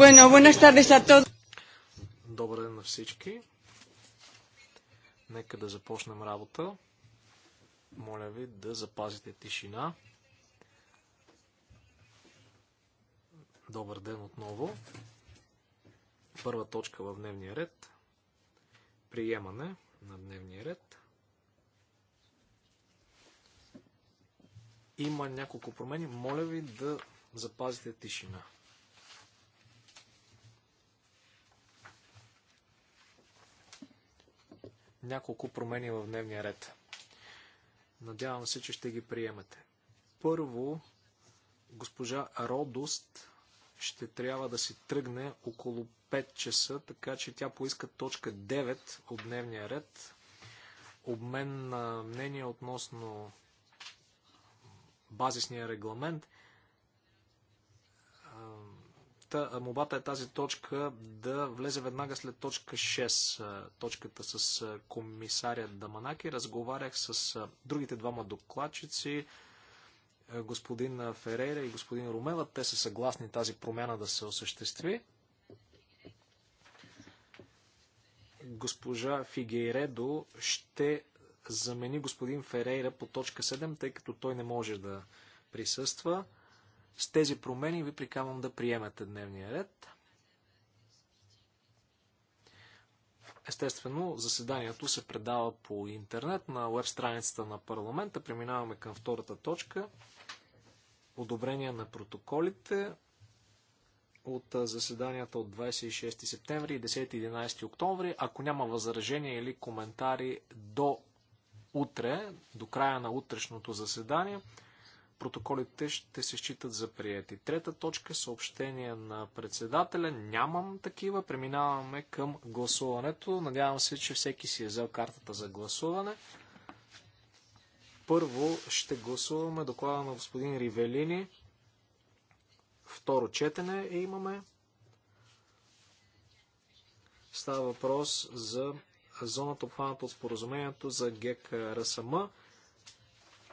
Bueno, buenas tardes a todos. Добър ден на всички. Нека да започнем работа. Моля ви да запазите тишина. Добър ден отново. Първа точка в дневния ред. Приемане на дневния ред. Има няколко промени. Моля ви да запазите тишина. няколко промени в дневния ред. Надявам се, че ще ги приемете. Първо, госпожа Родост ще трябва да си тръгне около 5 часа, така че тя поиска точка 9 от дневния ред. Обмен на мнение относно базисния регламент – Та, мобата е тази точка да влезе веднага след точка 6, точката с комисаря Даманаки. Разговарях с другите двама докладчици, господин Ферейра и господин Румела. Те са съгласни тази промяна да се осъществи. Госпожа Фигейредо ще замени господин Ферейра по точка 7, тъй като той не може да присъства. С тези промени ви приканвам да приемете дневния ред. Естествено, заседанието се предава по интернет на веб страницата на парламента. Преминаваме към втората точка. Одобрение на протоколите от заседанията от 26 септември и 10-11 октомври. Ако няма възражения или коментари до утре, до края на утрешното заседание, протоколите ще се считат за прияти. Трета точка съобщение на председателя. Нямам такива. Преминаваме към гласуването. Надявам се, че всеки си е взел картата за гласуване. Първо ще гласуваме доклада на господин Ривелини. Второ четене имаме. Става въпрос за зоната обхваната от споразумението за ГЕК РСМ.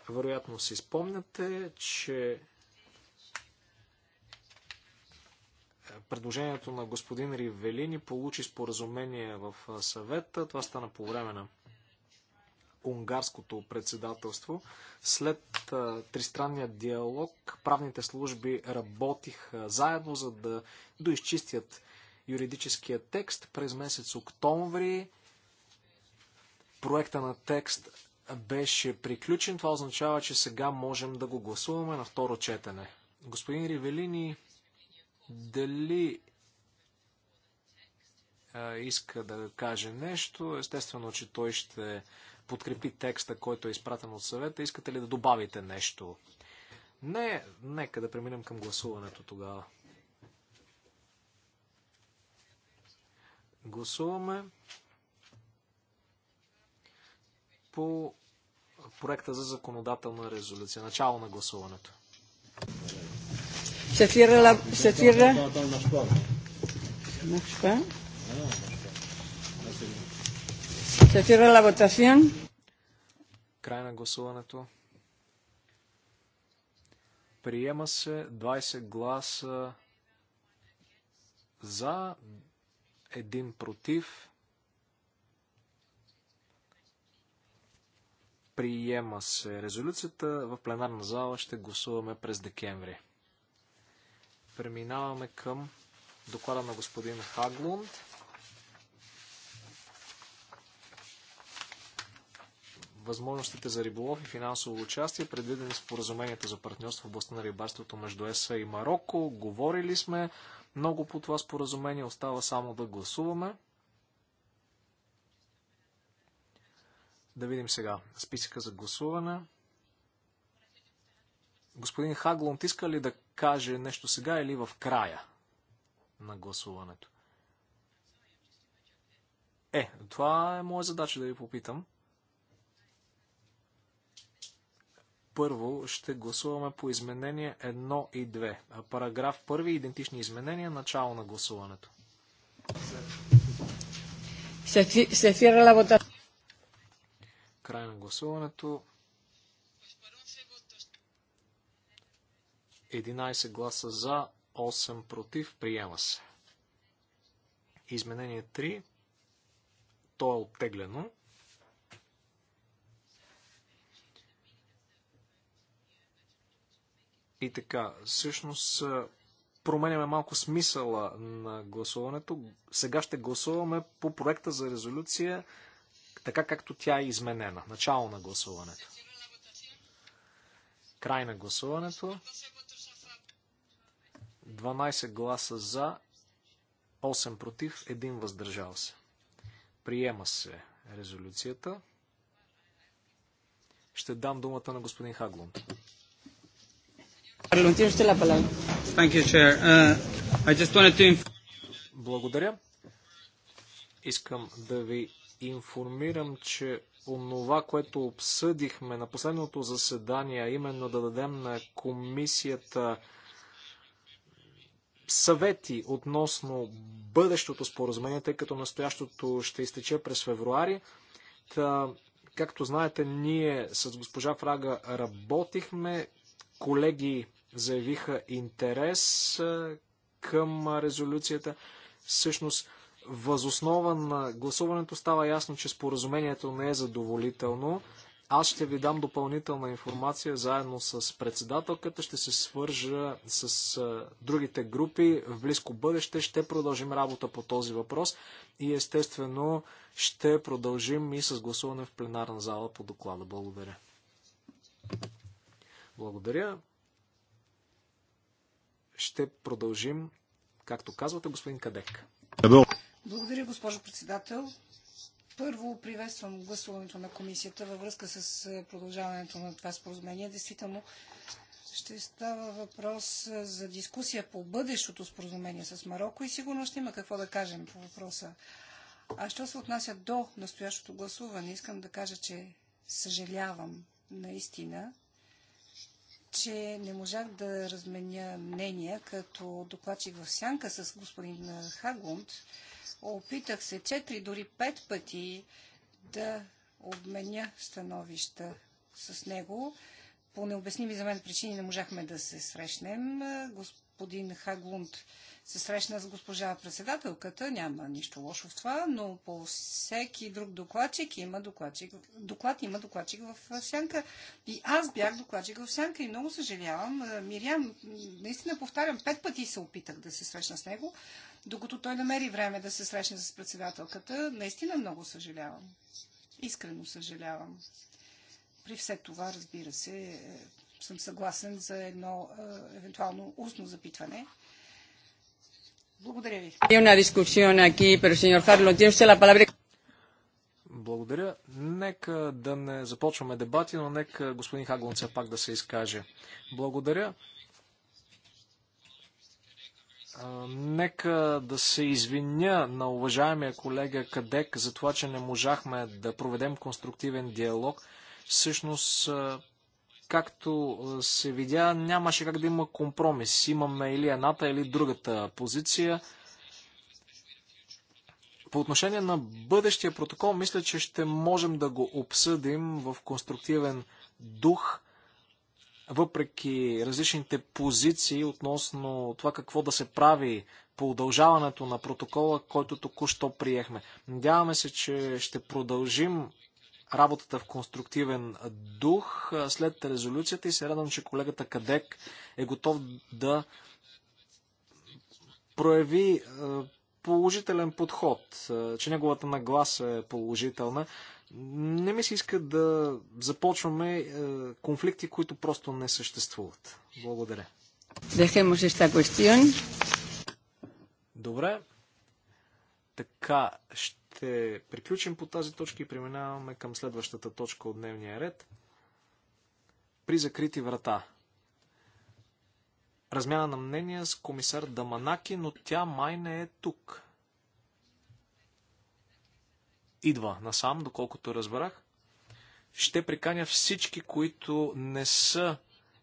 Вероятно си спомняте, че е, предложението на господин Ривелини получи споразумение в е, съвета. Това стана по време на унгарското председателство. След е, тристранния диалог правните служби работиха заедно, за да доизчистят юридическия текст. През месец октомври проекта на текст беше приключен. Това означава, че сега можем да го гласуваме на второ четене. Господин Ривелини, дали иска да каже нещо. Естествено, че той ще подкрепи текста, който е изпратен от съвета. Искате ли да добавите нещо? Не, нека да преминем към гласуването тогава. Гласуваме по проекта за законодателна резолюция. Начало на гласуването. Сефира. ла... ла Край на гласуването. Приема се 20 гласа за, един против, Приема се резолюцията. В пленарна зала ще гласуваме през декември. Преминаваме към доклада на господин Хаглунд. Възможностите за риболов и финансово участие, предвидени споразумението за партньорство в областта на рибарството между ЕСА и Марокко. Говорили сме много по това споразумение, остава само да гласуваме. Да видим сега списъка за гласуване. Господин Хаглунд иска ли да каже нещо сега или в края на гласуването? Е, това е моя задача да ви попитам. Първо ще гласуваме по изменения 1 и 2. параграф 1 идентични изменения, начало на гласуването. Се фира Край на гласуването. 11 гласа за, 8 против. Приема се. Изменение 3. То е оттеглено. И така, всъщност променяме малко смисъла на гласуването. Сега ще гласуваме по проекта за резолюция така както тя е изменена. Начало на гласуването. Край на гласуването. 12 гласа за, 8 против, 1 въздържал се. Приема се резолюцията. Ще дам думата на господин Хаглунд. Uh, Благодаря. Искам да ви информирам, че онова, което обсъдихме на последното заседание, именно да дадем на комисията съвети относно бъдещото споразумение, тъй като настоящото ще изтече през февруари. Та, както знаете, ние с госпожа Фрага работихме, колеги заявиха интерес към резолюцията. Всъщност, Възоснова на гласуването става ясно, че споразумението не е задоволително. Аз ще ви дам допълнителна информация заедно с председателката. Ще се свържа с другите групи в близко бъдеще. Ще продължим работа по този въпрос и естествено ще продължим и с гласуване в пленарна зала по доклада. Благодаря. Благодаря. Ще продължим, както казвате, господин Кадек. Благодаря, госпожо председател. Първо приветствам гласуването на комисията във връзка с е, продължаването на това споразумение. Действително ще става въпрос е, за дискусия по бъдещото споразумение с Марокко и сигурно ще има какво да кажем по въпроса. А що се отнася до настоящото гласуване, искам да кажа, че съжалявам наистина, че не можах да разменя мнения като докладчик в сянка с господин е, Хагунд, Опитах се четири дори пет пъти да обменя становища с него. По необясними за мен причини не можахме да се срещнем. Госп господин Хагунд се срещна с госпожа председателката, няма нищо лошо в това, но по всеки друг докладчик има докладчик, доклад има докладчик в сянка. И аз бях докладчик в сянка и много съжалявам. Мирям, наистина повтарям, пет пъти се опитах да се срещна с него, докато той намери време да се срещне с председателката. Наистина много съжалявам. Искрено съжалявам. При все това, разбира се, е, съм съгласен за едно е, евентуално устно запитване. Благодаря ви. Благодаря. Нека да не започваме дебати, но нека господин Хаглон все пак да се изкаже. Благодаря. Нека да се извиня на уважаемия колега Кадек за това, че не можахме да проведем конструктивен диалог. Всъщност Както е, се видя, нямаше как да има компромис. Имаме или едната, или другата позиция. По отношение на бъдещия протокол, мисля, че ще можем да го обсъдим в конструктивен дух, въпреки различните позиции относно това какво да се прави по удължаването на протокола, който току-що приехме. Надяваме се, че ще продължим работата в конструктивен дух след резолюцията и се радвам, че колегата Кадек е готов да прояви положителен подход, че неговата нагласа е положителна. Не ми се иска да започваме конфликти, които просто не съществуват. Благодаря. Добре. Така, ще ще приключим по тази точка и преминаваме към следващата точка от дневния ред. При закрити врата. Размяна на мнения с комисар Даманаки, но тя май не е тук. Идва насам, доколкото разбрах. Ще приканя всички, които не са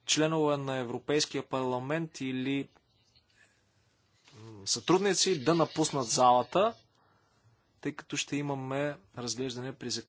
членове на Европейския парламент или сътрудници да напуснат залата тъй като ще имаме разглеждане при